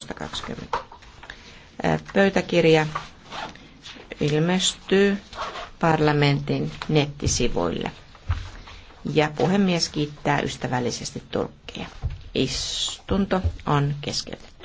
2020. Pöytäkirja ilmestyy parlamentin nettisivuille. Ja puhemies kiittää ystävällisesti Turkkia. Istunto on keskeytetty.